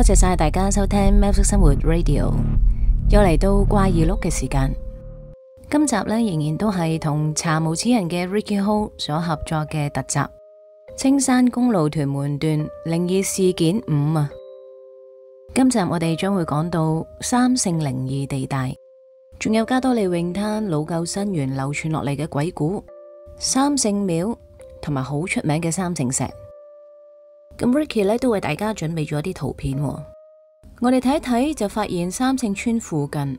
多謝晒大家收聽《喵式生活 Radio》，又嚟到怪異錄嘅時間。今集咧仍然都係同查無此人嘅 Ricky Hall 所合作嘅特集《青山公路屯門段靈異事件五》啊。今集我哋將會講到三聖靈異地帶，仲有加多利泳灘老舊新源流傳落嚟嘅鬼故、三聖廟同埋好出名嘅三聖石。咁 Ricky 咧都為大家準備咗啲圖片，哦，我哋睇一睇就發現三聖村附近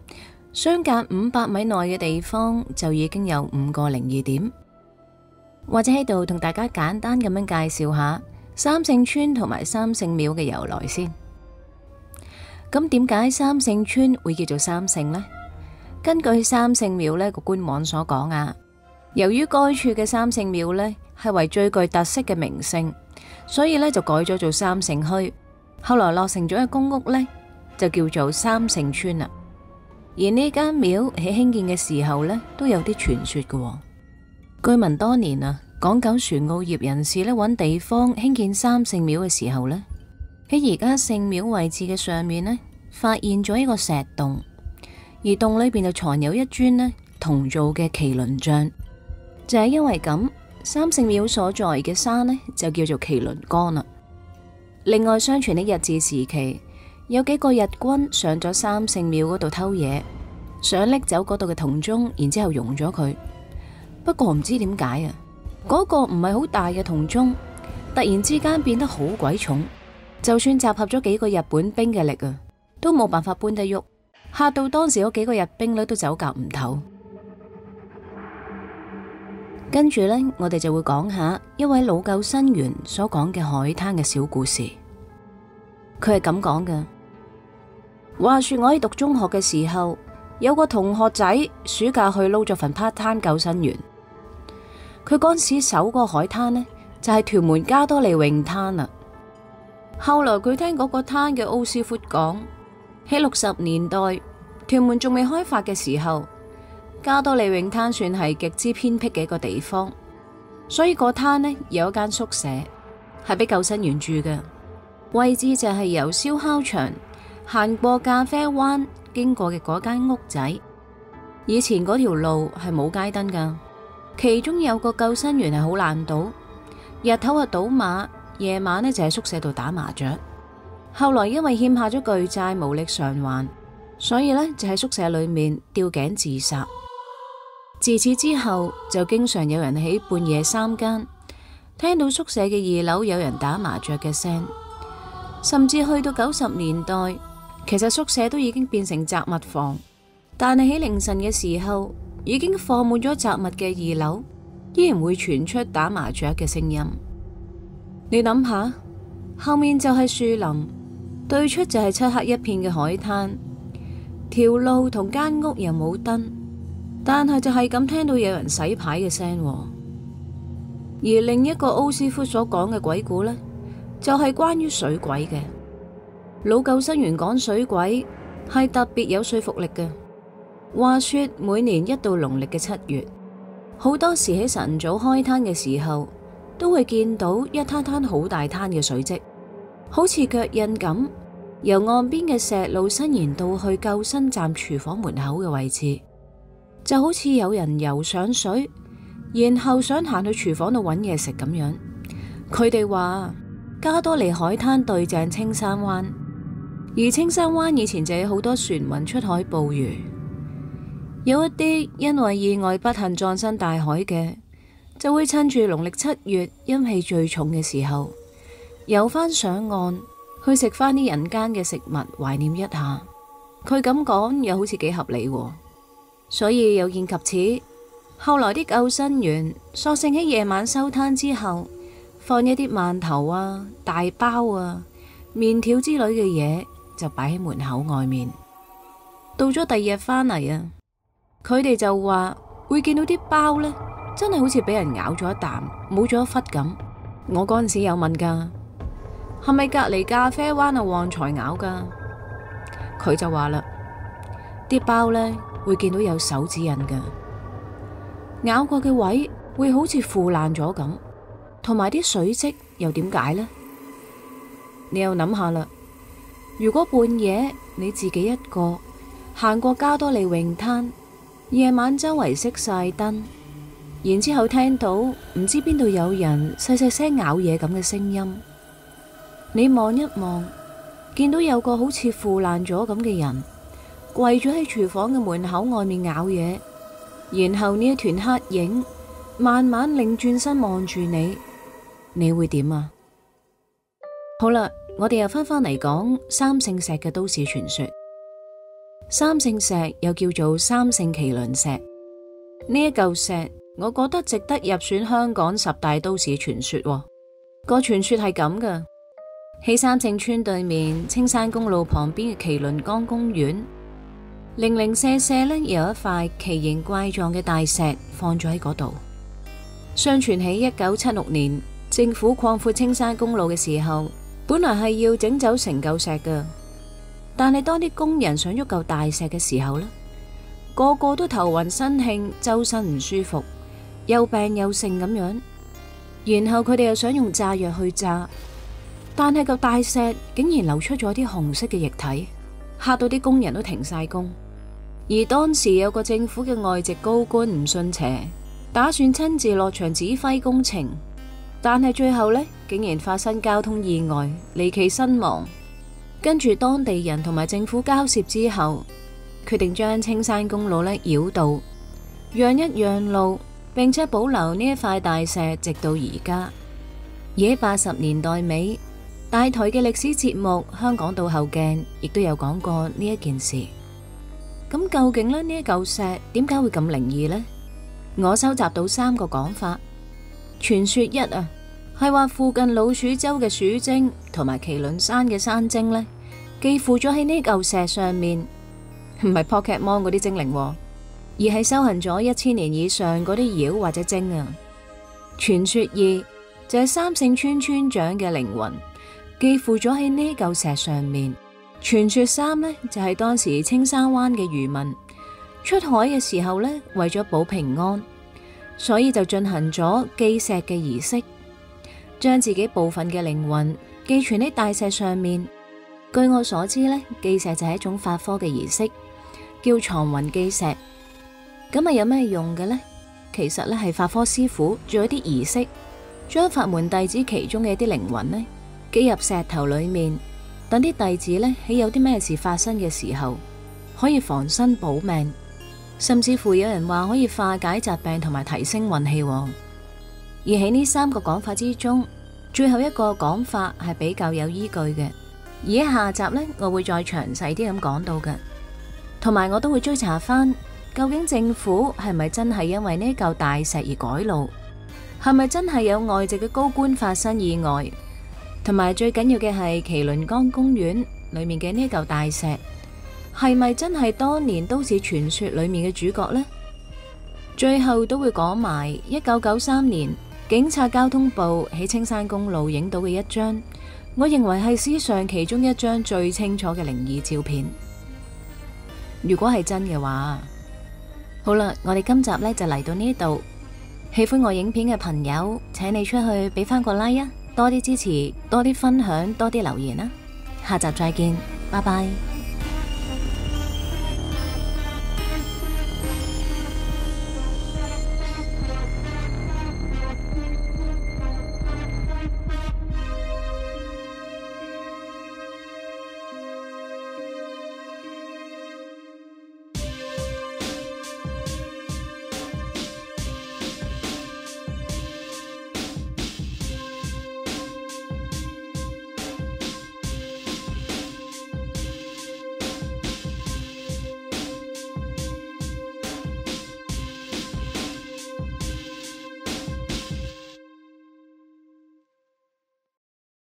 相隔五百米內嘅地方就已經有五個靈異點，或者喺度同大家簡單咁樣介紹下三聖村同埋三聖廟嘅由來先。咁點解三聖村會叫做三聖呢？根據三聖廟呢個官網所講啊，由於該處嘅三聖廟呢。係為最具特色嘅名勝，所以呢就改咗做三聖墟。後來落成咗嘅公屋呢就叫做三聖邨啦。而呢間廟喺興建嘅時候呢，都有啲傳說嘅。據聞當年啊，港九船澳業人士呢，揾地方興建三聖廟嘅時候呢，喺而家聖廟位置嘅上面呢，發現咗一個石洞，而洞裏邊就藏有一尊呢銅造嘅麒麟像，就係、是、因為咁。三聖廟所在嘅山呢，就叫做麒麟崗啦。另外相傳的日治時期，有幾個日軍上咗三聖廟嗰度偷嘢，想拎走嗰度嘅銅鐘，然之後熔咗佢。不過唔知點解啊，嗰個唔係好大嘅銅鐘，突然之間變得好鬼重，就算集合咗幾個日本兵嘅力啊，都冇辦法搬得喐，吓到當時嗰幾個日兵呢都走夾唔唞。跟住呢，我哋就會講下一位老救生員所講嘅海灘嘅小故事。佢係咁講嘅：話說我喺讀中學嘅時候，有個同學仔暑假去撈咗份 part time 救生員。佢嗰時守嗰個海灘呢，就係、是、屯門加多利泳灘啦。後來佢聽嗰個灘嘅奧士福講，喺六十年代屯門仲未開發嘅時候。加多利泳灘算係極之偏僻嘅一個地方，所以個灘呢，有一間宿舍係俾救生員住嘅。位置就係由燒烤場行過咖啡灣經過嘅嗰間屋仔。以前嗰條路係冇街燈噶，其中有個救生員係好爛賭，日頭係賭馬，夜晚呢就喺宿舍度打麻雀。後來因為欠下咗巨債無力償還，所以呢就喺宿舍裏面吊頸自殺。自此之後，就經常有人喺半夜三更聽到宿舍嘅二樓有人打麻雀嘅聲，甚至去到九十年代，其實宿舍都已經變成雜物房，但係喺凌晨嘅時候，已經放滿咗雜物嘅二樓，依然會傳出打麻雀嘅聲音。你諗下，後面就係樹林，對出就係漆黑一片嘅海灘，條路同間屋又冇燈。但係就係咁聽到有人洗牌嘅聲，而另一個奧斯夫所講嘅鬼故呢，就係關於水鬼嘅。老救生員講水鬼係特別有說服力嘅。話說每年一到農曆嘅七月，好多時喺晨早開攤嘅時候，都會見到一攤攤好大攤嘅水跡，好似腳印咁，由岸邊嘅石路伸延到去救生站廚房門口嘅位置。就好似有人游上水，然後想行去廚房度搵嘢食咁樣。佢哋話加多利海灘對正青山灣，而青山灣以前就有好多船民出海捕魚，有一啲因為意外不幸葬身大海嘅，就會趁住農曆七月陰氣最重嘅時候游翻上岸去食翻啲人間嘅食物，懷念一下。佢咁講又好似幾合理喎。所以有見及此，後來啲救生員索性喺夜晚收攤之後，放一啲饅頭啊、大包啊、麵條之類嘅嘢，就擺喺門口外面。到咗第二日返嚟啊，佢哋就話會見到啲包呢，真係好似俾人咬咗一啖，冇咗一忽咁。我嗰陣時有問噶，係咪隔籬咖啡灣啊旺財咬噶？佢就話啦，啲包呢，會見到有手指印嘅，咬過嘅位會好似腐爛咗咁，同埋啲水跡又點解呢？你又諗下啦，如果半夜你自己一個行過加多利泳灘，夜晚周圍熄晒燈，然之後聽到唔知邊度有人細細聲咬嘢咁嘅聲音，你望一望，見到有個好似腐爛咗咁嘅人。跪咗喺廚房嘅門口外面咬嘢，然後呢一團黑影慢慢擰轉身望住你，你會點啊？好啦，我哋又翻返嚟講三聖石嘅都市傳說。三聖石又叫做三聖麒麟石，呢一舊石我覺得值得入選香港十大都市傳說。個傳說係咁嘅：喺三聖村對面青山公路旁邊嘅麒麟崗公園。零零舍舍咧，有一塊奇形怪狀嘅大石放咗喺嗰度。相傳喺一九七六年政府擴闊青山公路嘅時候，本來係要整走成嚿石嘅，但係當啲工人想喐嚿大石嘅時候咧，個個都頭暈身㷫，周身唔舒服，又病又痛咁樣。然後佢哋又想用炸藥去炸，但係嚿大石竟然流出咗啲紅色嘅液體，吓到啲工人都停晒工。而當時有個政府嘅外籍高官唔信邪，打算親自落場指揮工程，但係最後呢，竟然發生交通意外，離奇身亡。跟住當地人同埋政府交涉之後，決定將青山公路呢繞道，讓一讓路，並且保留呢一塊大石，直到而家。而喺八十年代尾，大台嘅歷史節目《香港倒後鏡》亦都有講過呢一件事。咁究竟呢一舊石點解會咁靈異呢？我收集到三個講法。傳說一啊，係話附近老鼠洲嘅鼠精同埋麒麟山嘅山精呢，寄附咗喺呢舊石上面，唔係 Pokemon 嗰啲精靈，而係修行咗一千年以上嗰啲妖或者精啊。傳說二就係、是、三聖村村長嘅靈魂寄附咗喺呢舊石上面。傳說三呢，就係當時青山灣嘅漁民出海嘅時候呢，為咗保平安，所以就進行咗寄石嘅儀式，將自己部分嘅靈魂寄存喺大石上面。據我所知呢，寄石就係一種法科嘅儀式，叫藏魂寄石。咁啊有咩用嘅呢？其實呢，係法科師傅做一啲儀式，將法門弟子其中嘅一啲靈魂呢，寄入石頭裏面。等啲弟子呢，喺有啲咩事發生嘅時候，可以防身保命，甚至乎有人話可以化解疾病同埋提升運氣。而喺呢三個講法之中，最後一個講法係比較有依據嘅。而喺下集呢，我會再詳細啲咁講到嘅，同埋我都會追查翻究竟政府係咪真係因為呢嚿大石而改路，係咪真係有外籍嘅高官發生意外？同埋最緊要嘅係麒麟江公園裏面嘅呢一嚿大石，係咪真係當年都市傳說裏面嘅主角呢？最後都會講埋一九九三年警察交通部喺青山公路影到嘅一張，我認為係史上其中一張最清楚嘅靈異照片。如果係真嘅話，好啦，我哋今集呢就嚟到呢度。喜歡我影片嘅朋友，請你出去俾翻個 like 啊！多啲支持，多啲分享，多啲留言啦！下集再見，拜拜。